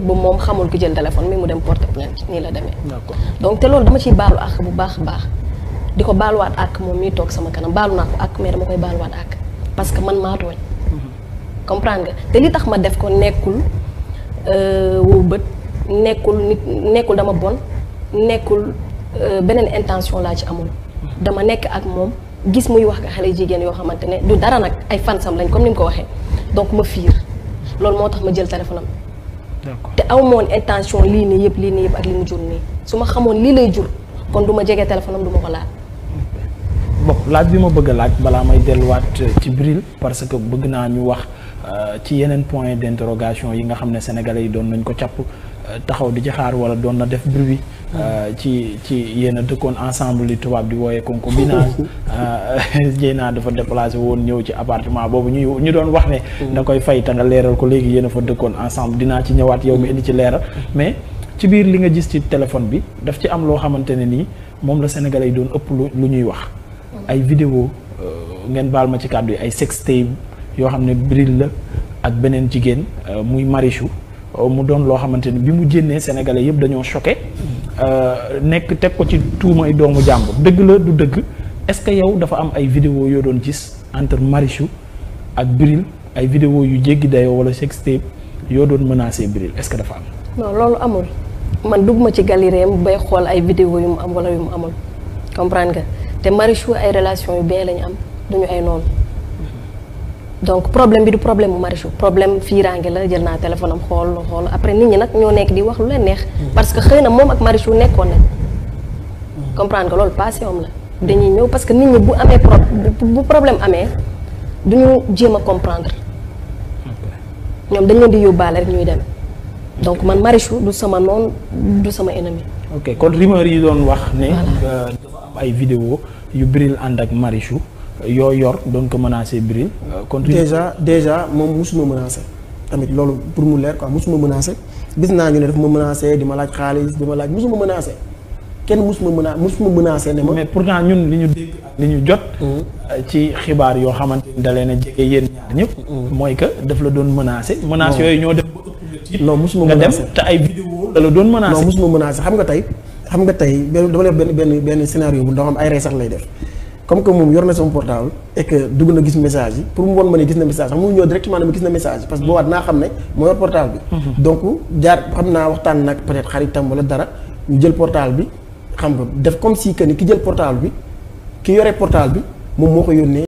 bu mom xamul ku jël téléphone mi mu dem porter plainte ni la demee donc té loolu dama ci balu ak bu baax baax di ko ak mom mi tok sama kanam balu nako ak mère makoy balu wat ak parce que man ma tooñ mm-hmm. comprendre nga té li tax ma def ko euh wu beut nekul nit nekul dama bon nekul euh, benen intention la ci amul mm-hmm. dama nek ak mom, gis muy wax nga xale jigéen yoo xamante du dara nak ay fansam lañ comme nim ko waxé donc ma fiir motax ma jël téléphone te aw ma woon intention lii nii yëpp lii nii yëpp ak li mu jur nii su ma xamoon lii lay jur kon du ma jege téléphone am du ma ko laal. bon laaj bi ma bëgg a laaj balaa may delluwaat ci Bril parce que bëgg naa ñu wax euh, ci yeneen point d'interrogation yi nga xam ne sénégalais yi doon nañ ko càpp taxaw di ci xaar wala doon na def bruit euh, ci ci yéen a dëkkoon ensemble li tubaab di wooyee concubinage Dieyna euh, dafa déplacé woon ñëw ci apartement boobu ñu ñu doon wax ne da mm. koy fay te nga leeral ko léegi yéen a fa dëkkoon ensemble dinaa ci ñëwaat yow mi indi ci leeral mais ci biir li nga gis ci téléphone bi daf ci am loo xamante ne nii moom la sénégalais yi doon ëpp lu ñuy wax ay vidéo euh, ngeen baal ma ci kàddu yi ay sextape yoo xam ne Bril la ak beneen jigéen muy Marichou Euh, mu doon loo xamante ni bi mu génnee sénégalais yëpp dañoo choqué euh, nekk teg ko ci tuumay doomu jàmbur dëgg la du dëgg est-ce que yow dafa am ay vidéo yoo doon gis entre Marichou ak Bril ay vidéo yu jéggi dayoo wala sextape yoo doon menacé Bril est-ce que dafa am. non loolu amul man dugguma ci galeereem bay xool ay vidéo yu mu am wala yu mu amul comprendre nga te Marichou ay relation yu bien lañu am duñu ay noonu. donc problème bi du problème Marichou problème fiiraange la jël na téléphone am xol xol après nit ñi nak ño nek di wax lu leen neex. parce que xeyna mom ak Marichou nekkon na comprendre nga lool passé am la. dañuy ñew parce que nit ñi bu amé problème bu problème amé duñu jema comprendre. ñom dañ leen di yobale rek ñuy dem. donc man Marichou du sama non du sama ennemi. ok kon rumeur yi doon wax ne. dafa am ay vidéo yu Bril andak ak Marichou. yoo yor doon ko menacer Bril. continue déjà déjà moom mosuma menacé tamit loolu pour mu leer quoi mosuma menacé gis naa ñu ne daf ma menacé di ma laaj xaalis di ma laaj mosuma menacé kenn mosuma mena mosuma menacé ne ma. pour pourtant ñun li ñu dégg li ñu jot. Mm. Euh, ci xibaar yoo xamante ni da leen a jege yéen ñaar ñëpp. Mm. Mm. mooy que daf la doon menacé. menaces yooyu ñoo def ba non mosuma menacé te ay vidéo la la doon menacé. non mosuma menacé xam nga tey. xam nga tey dama def benn benn benn scénario bu ndaw xam ay rey sax lay def. comme que moom yor na sama portable et que dugg na gis message yi pour mu won ma ne gis na message xam mu ñëw directement ne gis na message parce que boobaat naa xam ne moo yor portable bi mhm. donc jaar xam naa waxtaan nag peut-être xaritam wala dara ñu jël portable bi xam nga def comme si que ni ki jël portable bi ki yore portable bi moom moo ko yónnee